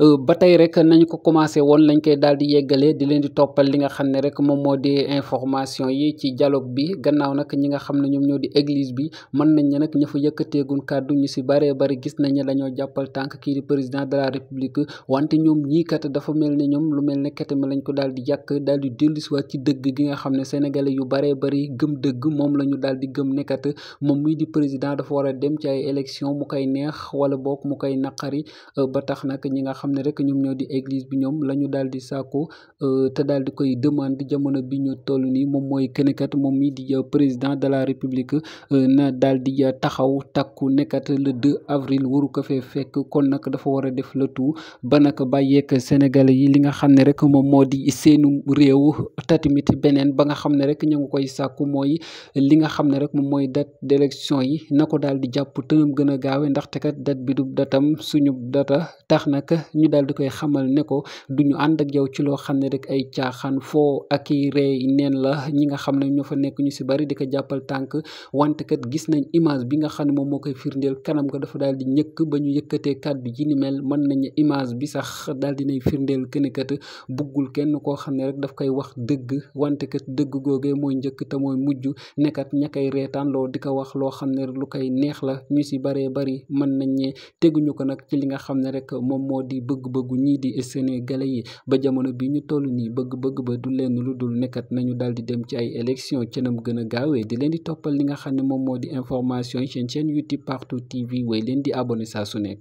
Euh, ba tey rek nañ ko commencé woon lañ koy daal di yeggalee di leen di toppal li nga xam ne rek moom moo di information yi ci dialogue bi gannaaw nag ñi nga xam ne ñoom ñoo di église bi mën nañ ne nag ña fa yëkkateegun kàddu ñu si bëree bëri gis nañ ne dañoo jàppal tànk kii di président de la république wante ñoom ñii kat dafa mel ne ñoom lu mel ne ketame lañ ko daal di jàkk daal di dellusiwaat ci dëgg gi nga xam ne sénégalais yu bëree bari gëm dëgg moom la ñu daal di gëm nekkat moom mii di président dafa war a dem ci ay élection mu koy neex wala boog mu koy naqari euh, ba tax nag ñi nga xam xam ne rek bi ñoom la ñu daal di sàkku euh, te daal di koy demande jamono bi ñu toll nii moom mooy kenekat moom mii di euh, président de la république euh, na daal di taxaw takku nekkat le 2 avril waru ko fee kon nag dafa war a def le tout ba nag bàyyeek sénégalais yi li nga xam ne rek moom moo di seenu réew tatimit beneen ba nga xam ne rek ñu ngi koy sàkku mooy li nga xam ne rek moom mooy date d'élection yi na ko daal di jàpp tënam gën a gaawe ndaxte kat date bi du datam suñu data tax nag ñu daal di koy xamal ne ko du ñu ànd ak yow ci loo xam ne rek ay caaxaan foo ak i rey neen la ñi nga xam ne ñoo fa nekk ñu si bari di ko jàppal tànk wante kat gis nañ image bi nga xam ne moom moo koy firndeel kanam nga dafa daal di ñëkk ba ñu yëkkatee kàddu ji ni mel mën nañu image bi sax daal di nay firndeel que ne buggul kenn koo xam ne rek daf koy wax dëgg wante kat dëgg googee mooy njëkk te mooy mujj nekkat ña koy reetaan loo di ko wax loo xam ne lu koy neex la ñu si baree bari mën nañ ñee teguñu ko nag ci li nga xam ne rek moom moo di bëgg-bëggu ñii di sénégalais yi ba jamono bi ñu toll nii bëgg-bëgg ba du lenn lu dul nekkat nañu daal di dem ci ay élection ci nam gën a gaawee di leen di toppal li nga xam ne moom moo di information yi seen chaîne YouTube Partout TV way leen di abonné saa su nekk